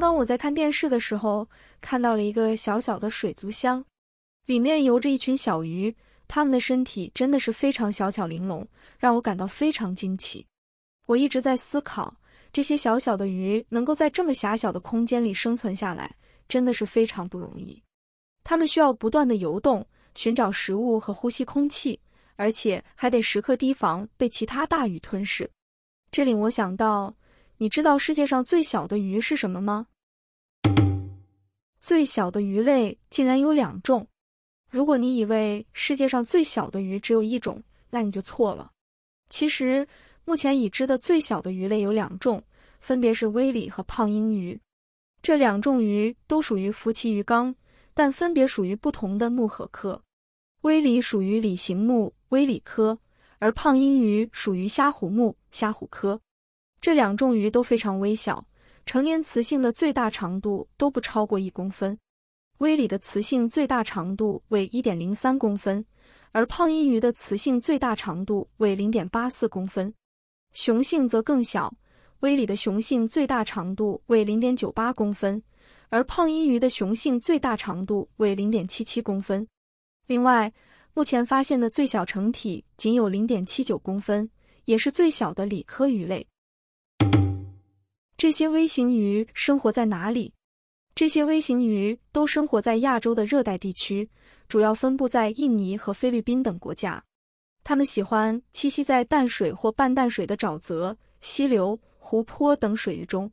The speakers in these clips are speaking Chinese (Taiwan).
剛剛我在看電視的時候，看到了一個小小的水族箱，裡面遊着一群小魚，它們的身體真的是非常小巧玲瓏，讓我感到非常驚奇。我一直在思考，這些小小的魚能夠在這麼狹小的空間裡生存下來，真的是非常不容易。它們需要不斷的游動，尋找食物和呼吸空氣，而且還得時刻提防被其他大魚吞噬。這令我想到，你知道世界上最小的魚是什麼嗎？最小的魚類竟然有兩種，如果你以為世界上最小的魚只有一種，那你就錯了。其實目前已知的最小的魚類有兩種，分別是微鯉和胖嬰魚。這兩種魚都屬於輻鰭魚綱，但分別屬於不同的目和科。微鯉屬於鯉形目微鯉科，而胖嬰魚屬於蝦虎目蝦虎科。這兩種魚都非常微小。成年雌性的最大長度都不超過一公分，微鯉的雌性最大長度為一點零三公分，而胖嬰魚的雌性最大長度為零點八四公分。雄性則更小，微鯉的雄性最大長度為零點九八公分，而胖嬰魚的雄性最大長度為零點七七公分。另外，目前發現的最小成體僅有零點七九公分，也是最小的鯉科魚類。這些微型魚生活在哪裡？這些微型魚都生活在亞洲的熱帶地區，主要分布在印尼和菲律賓等國家。它們喜歡棲息在淡水或半淡水的沼澤、溪流、湖泊等水域中。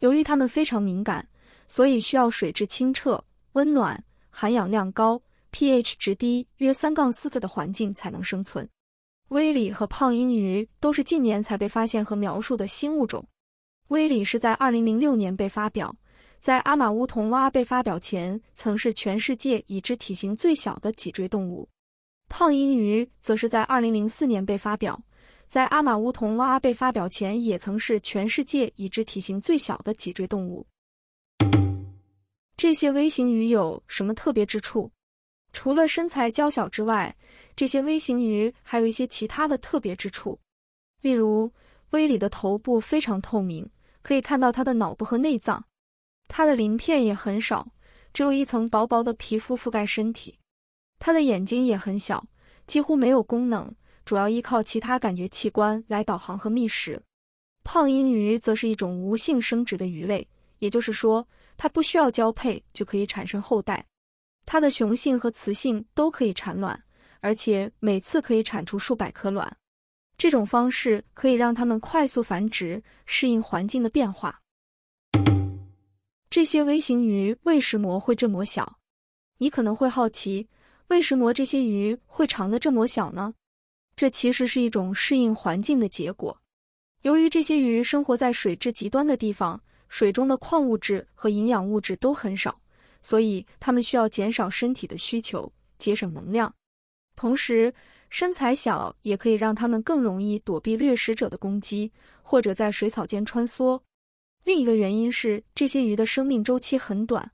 由於它們非常敏感，所以需要水質清澈、溫暖、含氧量高、pH 值低約三槓四的的環境才能生存。微鯉和胖嬰魚都是近年才被發現和描述的新物種。威里是在二零零六年被發表，在阿馬烏童蛙被發表前，曾是全世界已知體型最小的脊椎動物。胖嬰魚則是在二零零四年被發表，在阿馬烏童蛙被發表前，也曾是全世界已知體型最小的脊椎動物。這些微型魚有什麼特別之處？除了身材嬌小之外，這些微型魚還有一些其他的特別之處，例如威里的頭部非常透明。可以看到它的腦部和內臟，它的鱗片也很少，只有一層薄薄的皮膚覆蓋身體。它的眼睛也很小，幾乎沒有功能，主要依靠其他感覺器官來導航和覓食。胖嬰魚則是一種無性生殖的魚類，也就是說，它不需要交配就可以產生後代。它的雄性和雌性都可以產卵，而且每次可以產出數百顆卵。這種方式可以讓它們快速繁殖，適應環境的變化。這些微型魚為什麼會這麼小？你可能會好奇，為什麼這些魚會長得這麼小呢？這其實是一種適應環境的結果。由於這些魚生活在水質極端的地方，水中的礦物質和營養物質都很少，所以它們需要減少身體的需求，節省能量。同時，身材小也可以讓它們更容易躲避掠食者的攻擊，或者在水草間穿梭。另一個原因是，這些魚的生命週期很短，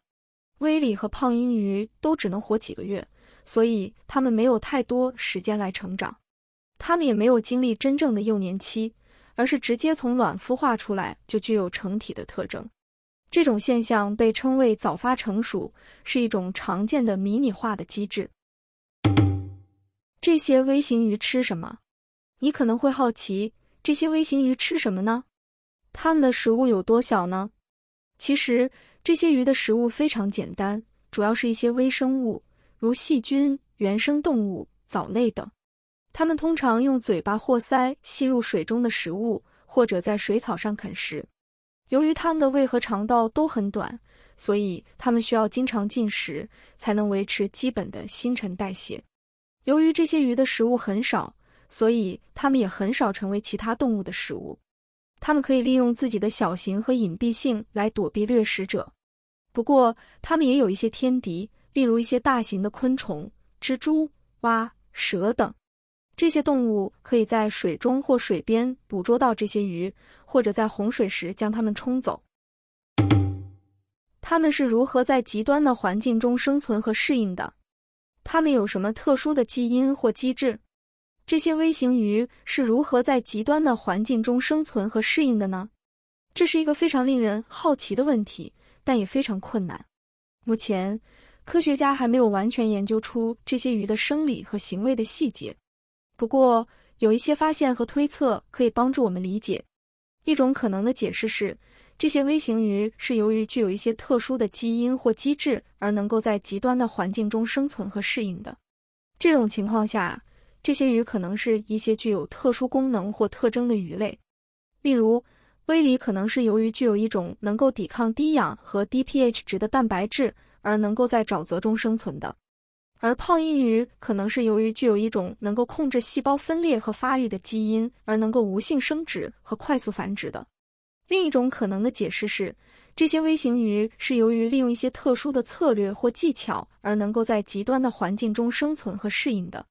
微鯉和胖嬰魚都只能活幾個月，所以它們沒有太多時間來成長。它們也沒有經歷真正的幼年期，而是直接從卵孵化出來就具有成體的特徵。這種現象被稱為早發成熟，是一種常見的迷你化的機制。這些微型魚吃什麼？你可能會好奇，這些微型魚吃什麼呢？它們的食物有多小呢？其實，這些魚的食物非常簡單，主要是一些微生物，如細菌、原生動物、藻類等。它們通常用嘴巴或鰓吸入水中的食物，或者在水草上啃食。由於它們的胃和腸道都很短，所以它們需要經常進食，才能維持基本的新陳代謝。由於這些魚的食物很少，所以它們也很少成為其他動物的食物。它們可以利用自己的小型和隱蔽性來躲避掠食者。不過，它們也有一些天敵，例如一些大型的昆蟲、蜘蛛、蛙、蛇等。這些動物可以在水中或水邊捕捉到這些魚，或者在洪水時將它們沖走。它們是如何在極端的環境中生存和適應的？它們有什麼特殊的基因或機制？這些微型魚是如何在極端的環境中生存和適應的呢？這是一個非常令人好奇的問題，但也非常困難。目前，科學家還沒有完全研究出這些魚的生理和行為的細節。不過，有一些發現和推測可以幫助我們理解。一種可能的解釋是。這些微型魚是由於具有一些特殊的基因或機制，而能夠在極端的環境中生存和適應的。這種情況下，這些魚可能是一些具有特殊功能或特徵的魚類。例如，微鯉可能是由於具有一種能夠抵抗低氧和低 pH 值的蛋白質，而能夠在沼澤中生存的；而胖嬰魚可能是由於具有一種能夠控制細胞分裂和發育的基因，而能夠無性生殖和快速繁殖的。另一種可能的解釋是，這些微型魚是由於利用一些特殊的策略或技巧而能夠在極端的環境中生存和適應的。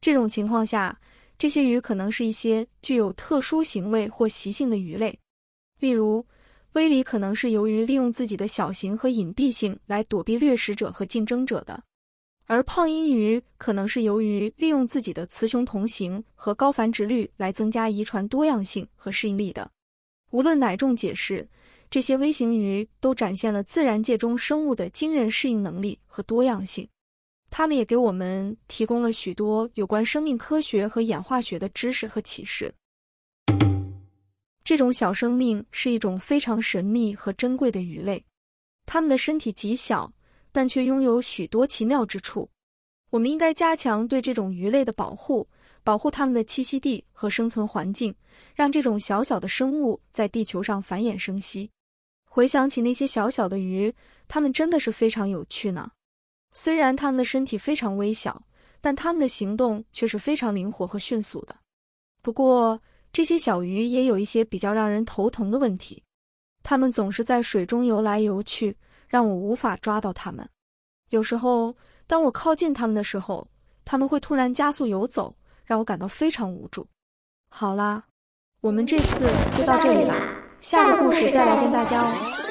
這種情況下，這些魚可能是一些具有特殊行為或習性的魚類。例如，微鯉可能是由於利用自己的小型和隱蔽性來躲避掠食者和競爭者的，而胖嬰魚可能是由於利用自己的雌雄同型和高繁殖率來增加遺傳多樣性和適應力的。無論哪種解釋，這些微型魚都展現了自然界中生物的驚人適應能力和多樣性。它們也給我們提供了許多有關生命科學和演化學的知識和啟示。這種小生命是一種非常神秘和珍貴的魚類，它們的身體極小，但卻擁有許多奇妙之處。我們應該加強對這種魚類的保護。保護它們的棲息地和生存環境，讓這種小小的生物在地球上繁衍生息。回想起那些小小的魚，它們真的是非常有趣呢。雖然它們的身體非常微小，但它們的行動卻是非常靈活和迅速的。不過，這些小魚也有一些比較讓人頭疼的問題。它們總是在水中游來游去，讓我無法抓到它們。有時候，當我靠近它們的時候，它們會突然加速游走。讓我感到非常無助。好啦，我們這次就到這裡吧。下個故事再來見大家哦。